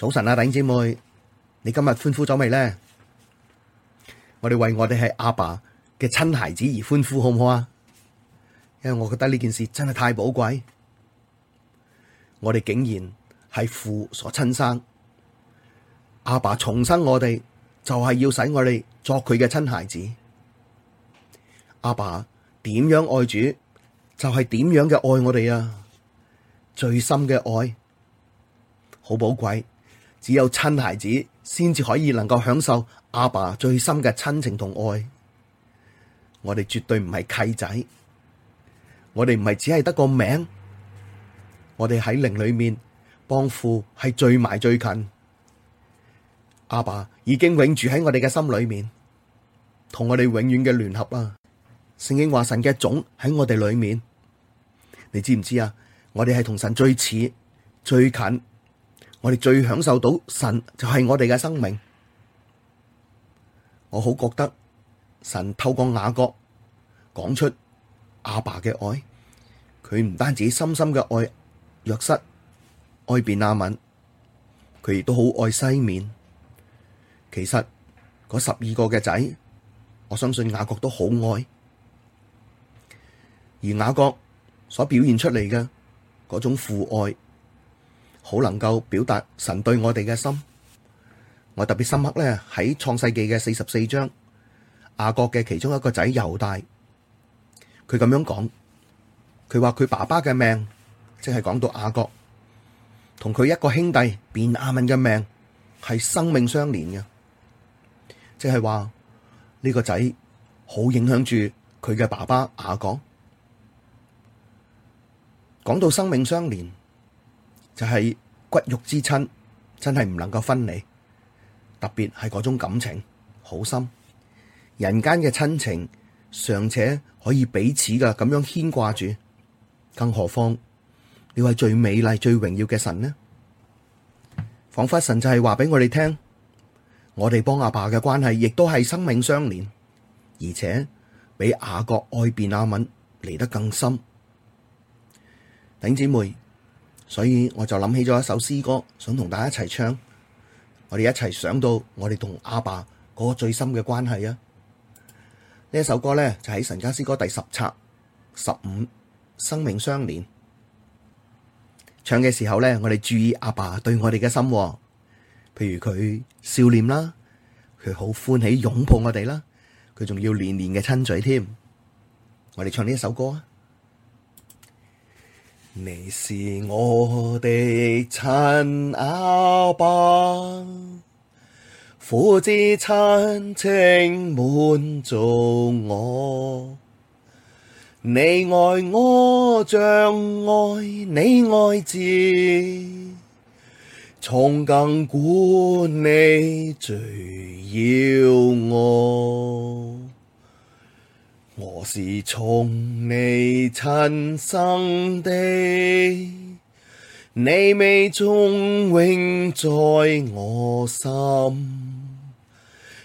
早晨啊，弟兄姐妹，你今日歡呼咗未呢？我哋為我哋係阿爸嘅親孩子而歡呼，好唔好啊？因為我覺得呢件事真係太寶貴，我哋竟然係父所親生，阿爸重生我哋，就係要使我哋作佢嘅親孩子。阿爸點樣愛主，就係點樣嘅愛我哋啊！最深嘅愛，好寶貴。只有親孩子先至可以能夠享受阿爸最深嘅親情同愛。我哋絕對唔係契仔，我哋唔係只係得個名。我哋喺靈裡面幫父係最埋最近。阿爸已經永住喺我哋嘅心裡面，同我哋永遠嘅聯合啦。聖經話神嘅種喺我哋裡面，你知唔知啊？我哋係同神最似、最近。我哋最享受到神就係、是、我哋嘅生命，我好覺得神透過雅各講出阿爸嘅愛，佢唔單止深深嘅愛約瑟，愛便雅憫，佢亦都好愛西緬。其實嗰十二個嘅仔，我相信雅各都好愛，而雅各所表現出嚟嘅嗰種父愛。好能夠表達神對我哋嘅心，我特別深刻咧喺創世紀嘅四十四章，雅各嘅其中一個仔猶大，佢咁樣講，佢話佢爸爸嘅命，即係講到雅各，同佢一個兄弟便雅憫嘅命係生命相連嘅，即係話呢個仔好影響住佢嘅爸爸雅各，講到生命相連。就係骨肉之親，真係唔能夠分離。特別係嗰種感情好深，人間嘅親情尚且可以彼此噶咁樣牽掛住，更何況你係最美麗、最榮耀嘅神呢？仿佛神就係話俾我哋聽，我哋幫阿爸嘅關係亦都係生命相連，而且比雅各愛便雅憫嚟得更深。頂姐妹。所以我就諗起咗一首詩歌，想同大家一齊唱。我哋一齊想到我哋同阿爸嗰個最深嘅關係啊！呢一首歌咧就喺神家詩歌第十冊十五《生命相連》。唱嘅時候咧，我哋注意阿爸對我哋嘅心。譬如佢笑臉啦，佢好歡喜擁抱我哋啦，佢仲要年年嘅親嘴添。我哋唱呢一首歌啊！你是我的親阿爸，父子親情滿足我，你愛我像愛你愛子，從亙古你最要我。我是從你親生的，你美種永在我心，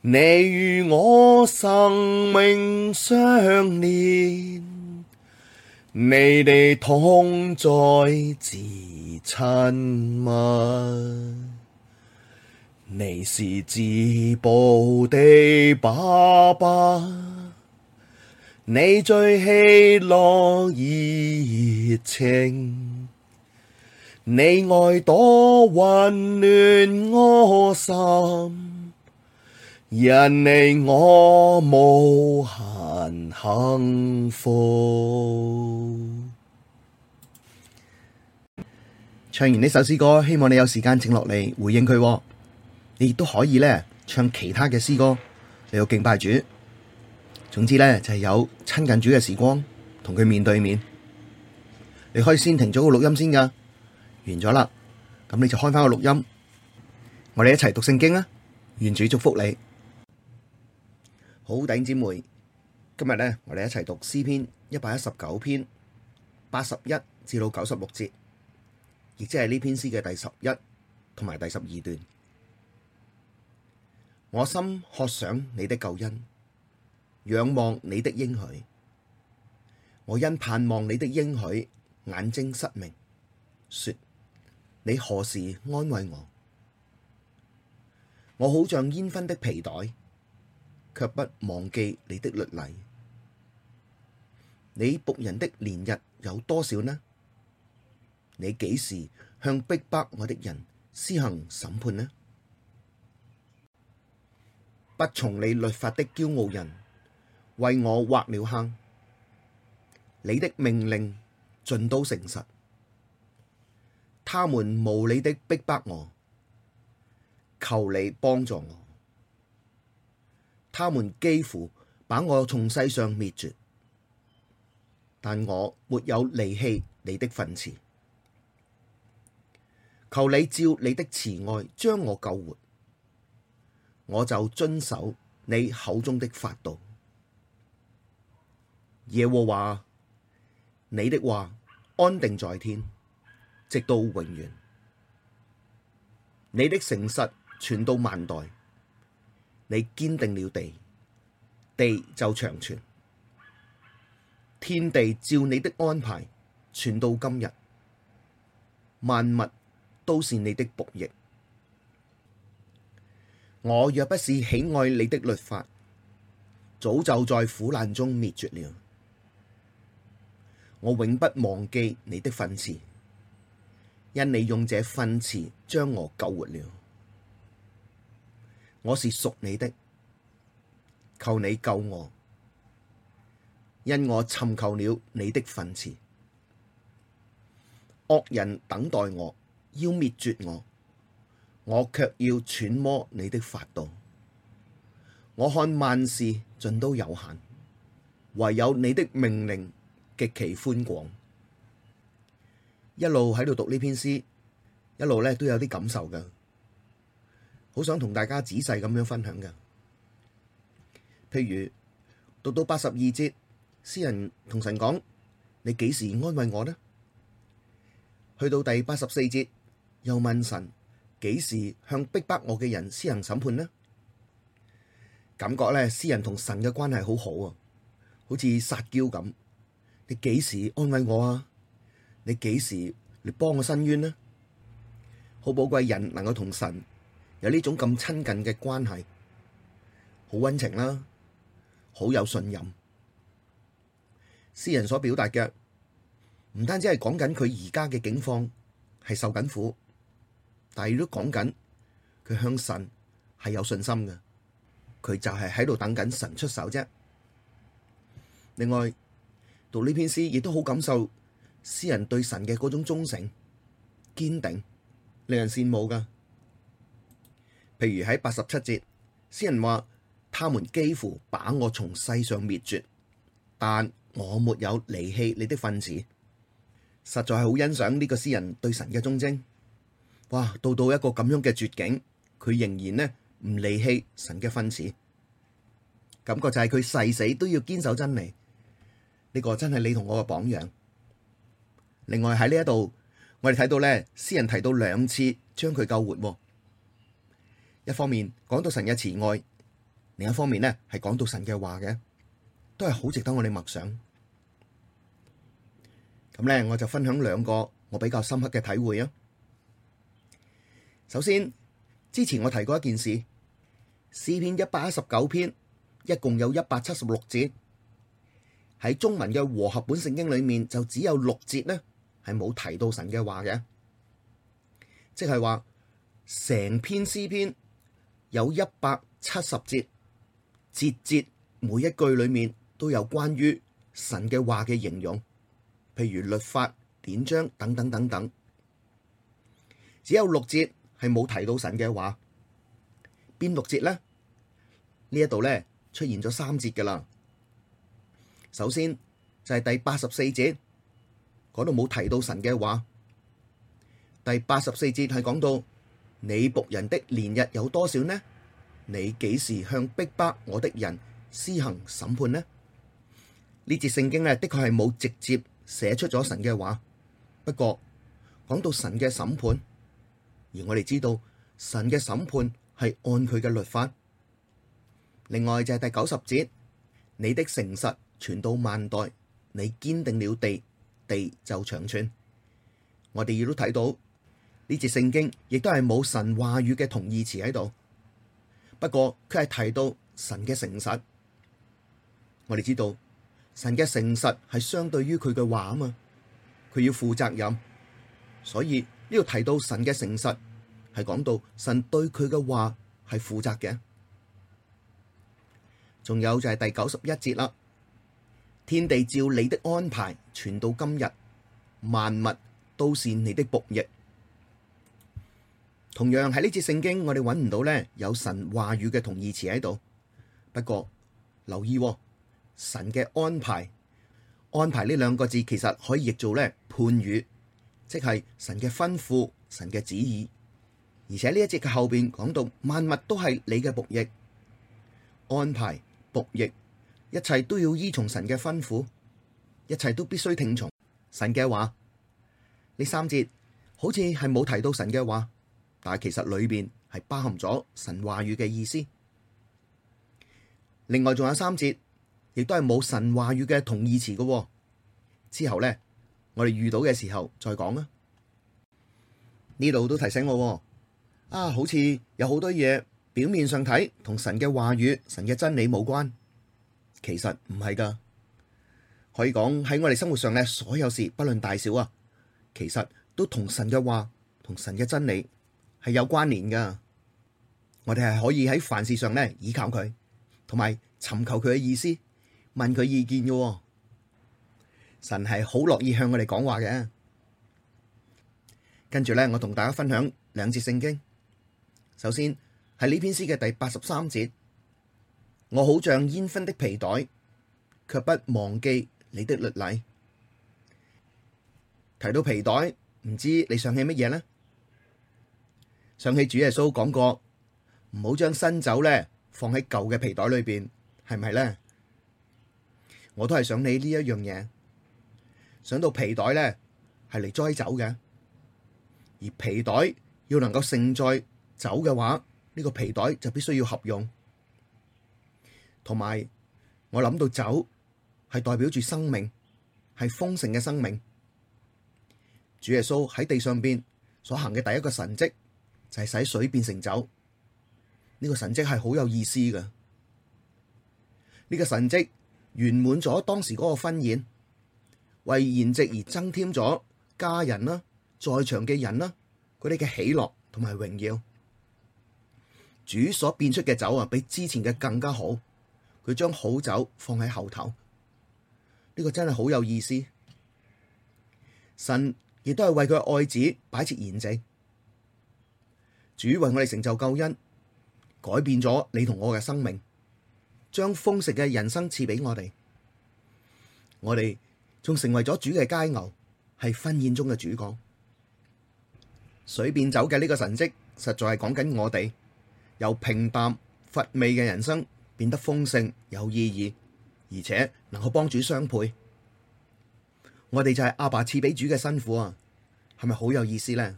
你與我生命相連，你的同在至親密，你是至寶的爸爸。你最喜樂熱情，你愛多溫暖我心，因你我無限幸福。唱完呢首詩歌，希望你有時間請落嚟回應佢、哦。你亦都可以咧唱其他嘅詩歌，你好敬拜主。總之咧，就係、是、有親近主嘅時光，同佢面對面。你可以先停咗個錄音先噶，完咗啦，咁你就開翻個錄音，我哋一齊讀聖經啊！願主祝福你。好頂姊妹，今日咧，我哋一齊讀詩篇一百一十九篇，八十一至到九十六節，亦即係呢篇詩嘅第十一同埋第十二段。我心渴想你的救恩。仰望你的應許，我因盼望你的應許，眼睛失明，說：你何時安慰我？我好像煙熏的皮袋，却不忘記你的律例。你僕人的年日有多少呢？你幾時向逼迫我的人施行審判呢？不從你律法的驕傲人。為我掘了坑，你的命令盡都誠實。他們無理的逼迫我，求你幫助我。他們幾乎把我從世上滅絕，但我沒有離棄你的訓詞。求你照你的慈愛將我救活，我就遵守你口中的法度。耶和華，你的話安定在天，直到永遠。你的誠實傳到萬代，你堅定了地，地就長存。天地照你的安排，傳到今日。萬物都是你的僕役。我若不是喜愛你的律法，早就在苦難中滅絕了。我永不忘記你的訓詞，因你用這訓詞將我救活了。我是屬你的，求你救我，因我尋求了你的訓詞。惡人等待我，要滅絕我，我卻要揣摩你的法度。我看萬事盡都有限，唯有你的命令，極其寬廣，一路喺度讀呢篇詩，一路咧都有啲感受嘅，好想同大家仔細咁樣分享嘅。譬如讀到八十二節，詩人同神講：你幾時安慰我呢？去到第八十四節，又問神：幾時向逼迫迫我嘅人施行審判呢？感覺咧，詩人同神嘅關係好好啊，好似撒嬌咁。你幾時安慰我啊？你幾時嚟幫我申冤呢？好寶貴，人能夠同神有呢種咁親近嘅關係，好溫情啦、啊，好有信任。詩人所表達嘅唔單止係講緊佢而家嘅境況係受緊苦，但係都講緊佢向神係有信心嘅，佢就係喺度等緊神出手啫。另外，讀呢篇詩，亦都好感受詩人對神嘅嗰種忠誠、堅定，令人羨慕噶。譬如喺八十七節，詩人話：他們幾乎把我從世上滅絕，但我沒有離棄你的訓詞。實在係好欣賞呢個詩人對神嘅忠貞。哇，到到一個咁樣嘅絕境，佢仍然呢唔離棄神嘅訓詞，感覺就係佢誓死都要堅守真理。呢個真係你同我嘅榜樣。另外喺呢一度，我哋睇到咧，詩人提到兩次將佢救活，哦。一方面講到神嘅慈愛，另一方面咧係講到神嘅話嘅，都係好值得我哋默想。咁咧，我就分享兩個我比較深刻嘅體會啊，哦。首先，之前我提過一件事，詩篇一百一十九篇一共有一百七十六節。喺中文嘅和合本聖經裏面，就只有六節呢係冇提到神嘅話嘅，即係話成篇詩篇有一百七十節，節節每一句裏面都有關於神嘅話嘅形容，譬如律法、典章等等等等，只有六節係冇提到神嘅話，邊六節呢？呢一度咧出現咗三節噶啦。首先就係第八十四節，嗰度冇提到神嘅話。第八十四節係講到你僕人的年日有多少呢？你幾時向逼迫我的人施行審判呢？呢節聖經呢，的確係冇直接寫出咗神嘅話，不過講到神嘅審判，而我哋知道神嘅審判係按佢嘅律法。另外就係第九十節，你的誠實。傳到萬代，你堅定了地，地就長存。我哋亦都睇到呢節聖經，亦都係冇神話語嘅同義詞喺度。不過佢係提到神嘅誠實。我哋知道神嘅誠實係相對於佢嘅話啊嘛，佢要負責任，所以呢度提到神嘅誠實係講到神對佢嘅話係負責嘅。仲有就係第九十一節啦。天地照你的安排，存到今日，萬物都是你的僕役。同樣喺呢節聖經，我哋搵唔到呢有神話語嘅同義詞喺度。不過留意，哦，神嘅安排，安排呢兩個字其實可以譯做呢「判語」，即係神嘅吩咐、神嘅旨意。而且呢一節嘅後邊講到，萬物都係你嘅僕役，安排僕役。一切都要依從神嘅吩咐，一切都必須聽從神嘅話。呢三節好似係冇提到神嘅話，但係其實裏邊係包含咗神話語嘅意思。另外仲有三節，亦都係冇神話語嘅同義詞嘅。之後咧，我哋遇到嘅時候再講啊。呢度都提醒我啊，好似有好多嘢表面上睇同神嘅話語、神嘅真理冇關。其實唔係噶可以講喺我哋生活上咧，所有事不論大小啊，其實都同神嘅話、同神嘅真理係有關聯噶。我哋係可以喺凡事上咧倚靠佢，同埋尋求佢嘅意思，問佢意見噶。神係好樂意向我哋講話嘅。跟住咧，我同大家分享兩節聖經。首先係呢篇詩嘅第八十三節。我好像煙熏的皮袋，卻不忘記你的律例。提到皮袋，唔知你想起乜嘢呢？想起主耶穌講過，唔好將新酒呢放喺舊嘅皮袋裏邊，係唔係呢？我都係想起呢一樣嘢。想到皮袋呢係嚟載酒嘅，而皮袋要能夠盛載酒嘅話，呢、這個皮袋就必須要合用。同埋，我諗到酒係代表住生命，係豐盛嘅生命。主耶穌喺地上邊所行嘅第一個神跡就係使水變成酒。呢個神跡係好有意思㗎。呢個神跡圓滿咗當時嗰個婚宴，為筵席而增添咗家人啦、在場嘅人啦，佢哋嘅喜樂同埋榮耀。主所變出嘅酒啊，比之前嘅更加好。佢將好酒放喺後頭，呢個真係好有意思。神亦都係為佢愛子擺設筵席，主為我哋成就救恩，改變咗你同我嘅生命，將豐盛嘅人生賜俾我哋。我哋仲成為咗主嘅佳牛，係婚宴中嘅主角。水變酒嘅呢個神跡，實在係講緊我哋由平淡乏味嘅人生變得豐盛有意義，而且能夠幫主相配，我哋就係阿爸賜俾主嘅辛苦啊，係咪好有意思咧？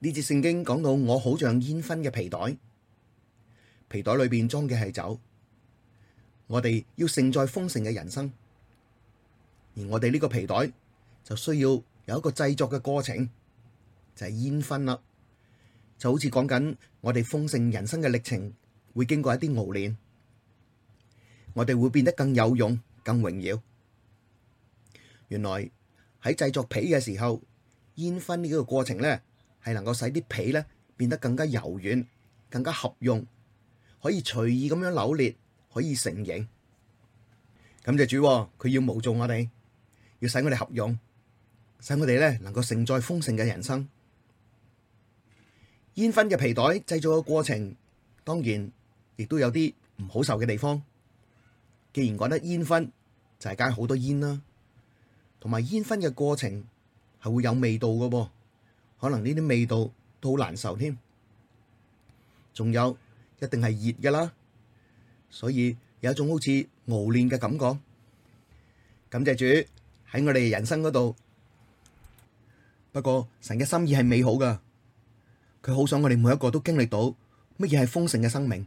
呢節聖經講到我好像煙熏嘅皮袋，皮袋裏邊裝嘅係酒，我哋要盛載豐盛嘅人生，而我哋呢個皮袋就需要有一個製作嘅過程，就係煙熏啦，就好似講緊我哋豐盛人生嘅歷程。會經過一啲熬煉，我哋會變得更有用、更榮耀。原來喺製作皮嘅時候，煙燻呢個過程咧，係能夠使啲皮咧變得更加柔軟、更加合用，可以隨意咁樣扭裂，可以成形。感謝主，佢要模造我哋，要使我哋合用，使我哋咧能夠承載豐盛嘅人生。煙燻嘅皮袋製造嘅過程，當然，亦都有啲唔好受嘅地方。既然講得煙燻，就係梗好多煙啦，同埋煙燻嘅過程係會有味道噶噃，可能呢啲味道都好難受添。仲有一定係熱噶啦，所以有一種好似熬煉嘅感覺。感謝主喺我哋人生嗰度。不過神嘅心意係美好噶，佢好想我哋每一個都經歷到乜嘢係豐盛嘅生命。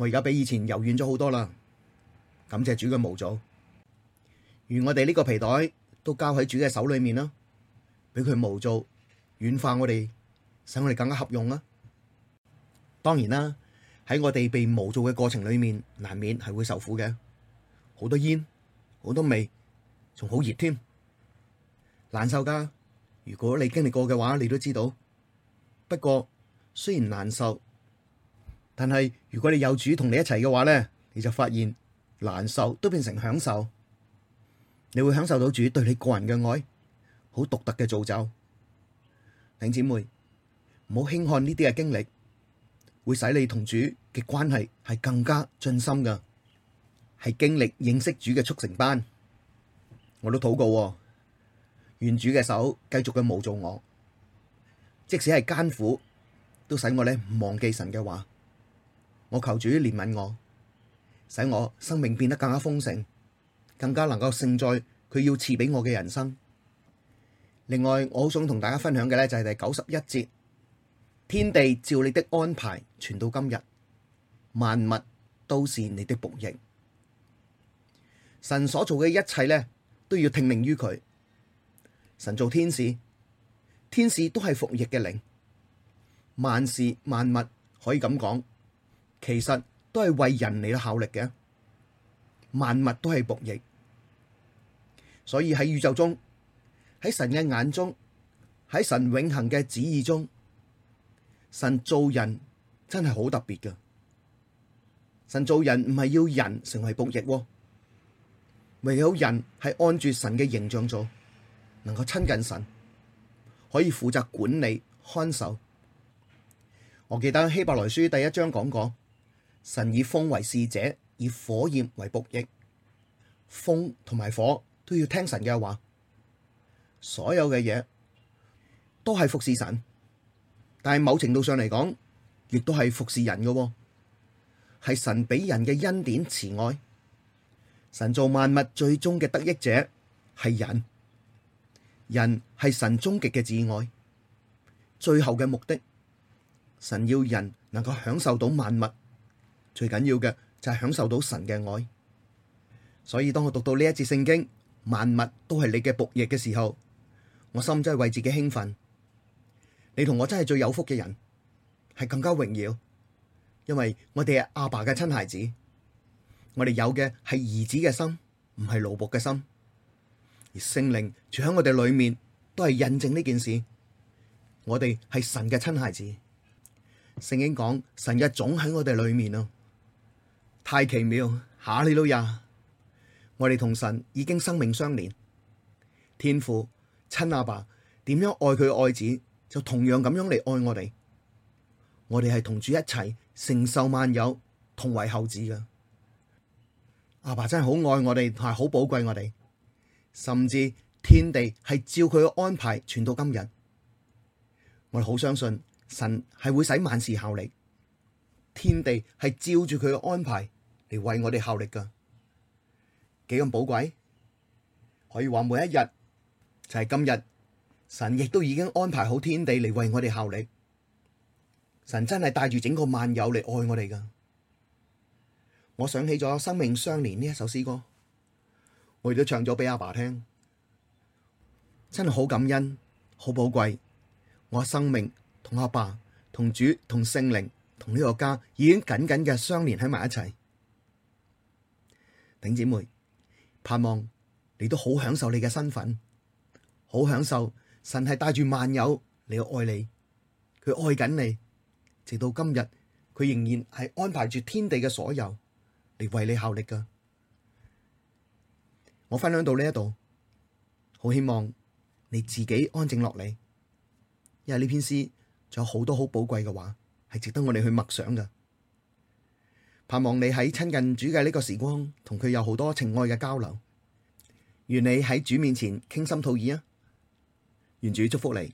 我而家比以前柔軟咗好多啦，感謝主嘅磨造，如我哋呢個皮袋都交喺主嘅手裏面啦，俾佢磨造軟化我哋，使我哋更加合用啊！當然啦，喺我哋被磨造嘅過程裏面，難免係會受苦嘅，好多煙，好多味，仲好熱添，難受噶。如果你經歷過嘅話，你都知道。不過雖然難受。但係如果你有主同你一齊嘅話咧，你就發現難受都變成享受。你會享受到主對你個人嘅愛，好獨特嘅造就。弟兄姊妹，唔好輕看呢啲嘅經歷，會使你同主嘅關係係更加進深噶。係經歷認識主嘅速成班，我都禱告願主嘅手繼續噉無造我，即使係艱苦，都使我咧唔忘記神嘅話。我求主憐憫我，使我生命變得更加豐盛，更加能夠盛載佢要賜俾我嘅人生。另外，我好想同大家分享嘅咧就係第九十一節，天地照你的安排，存到今日，萬物都是你的僕役。神所做嘅一切咧都要聽命於佢。神做天使，天使都係服役嘅靈，萬事萬物可以咁講。其實都係為人嚟到效力嘅，萬物都係僕役，所以喺宇宙中，喺神嘅眼中，喺神永恒嘅旨意中，神做人真係好特別嘅。神做人唔係要人成為僕役，唯有人係按住神嘅形象做，能夠親近神，可以負責管理看守。我記得希伯來書第一章講過。神以風為使者，以火焰為僕役。風同埋火都要聽神嘅話。所有嘅嘢都係服侍神，但係某程度上嚟講，亦都係服侍人嘅。係神俾人嘅恩典慈愛。神做萬物最終嘅得益者係人，人係神終極嘅摯愛，最後嘅目的，神要人能夠享受到萬物。最緊要嘅就係享受到神嘅愛，所以當我讀到呢一節聖經，萬物都係你嘅僕役嘅時候，我心真係為自己興奮。你同我真係最有福嘅人，係更加榮耀，因為我哋係阿爸嘅親孩子，我哋有嘅係兒子嘅心，唔係奴僕嘅心，而聖靈住喺我哋裏面，都係印證呢件事。我哋係神嘅親孩子，聖經講神嘅種喺我哋裏面啊。太奇妙！吓你都呀，我哋同神已經生命相連。天父，親阿爸，點樣愛佢嘅愛子，就同樣咁樣嚟愛我哋。我哋係同主一齊承受萬有，同為後子嘅。阿爸真係好愛我哋，係好寶貴我哋。甚至天地係照佢嘅安排，存到今日。我哋好相信神係會使萬事效力。天地係照住佢嘅安排嚟為我哋效力噶，幾咁寶貴？可以話每一日就係今日，神亦都已經安排好天地嚟為我哋效力。神真係帶住整個萬有嚟愛我哋噶。我想起咗《生命相連》呢一首詩歌，我亦都唱咗俾阿爸聽，真係好感恩、好寶貴。我嘅生命同阿爸、同主、同聖靈。同呢個家已經緊緊嘅相連喺埋一齊，弟姊妹盼望，你都好享受你嘅身份，好享受神係帶住萬有嚟去愛你，佢愛緊你，直到今日佢仍然係安排住天地嘅所有嚟為你效力㗎。我分享到呢一度，好希望你自己安靜落嚟，因為呢篇詩仲有好多好寶貴嘅話。係值得我哋去默想噶盼望你喺親近主嘅呢個時光，同佢有好多情愛嘅交流，願你喺主面前傾心吐意啊！願主祝福你。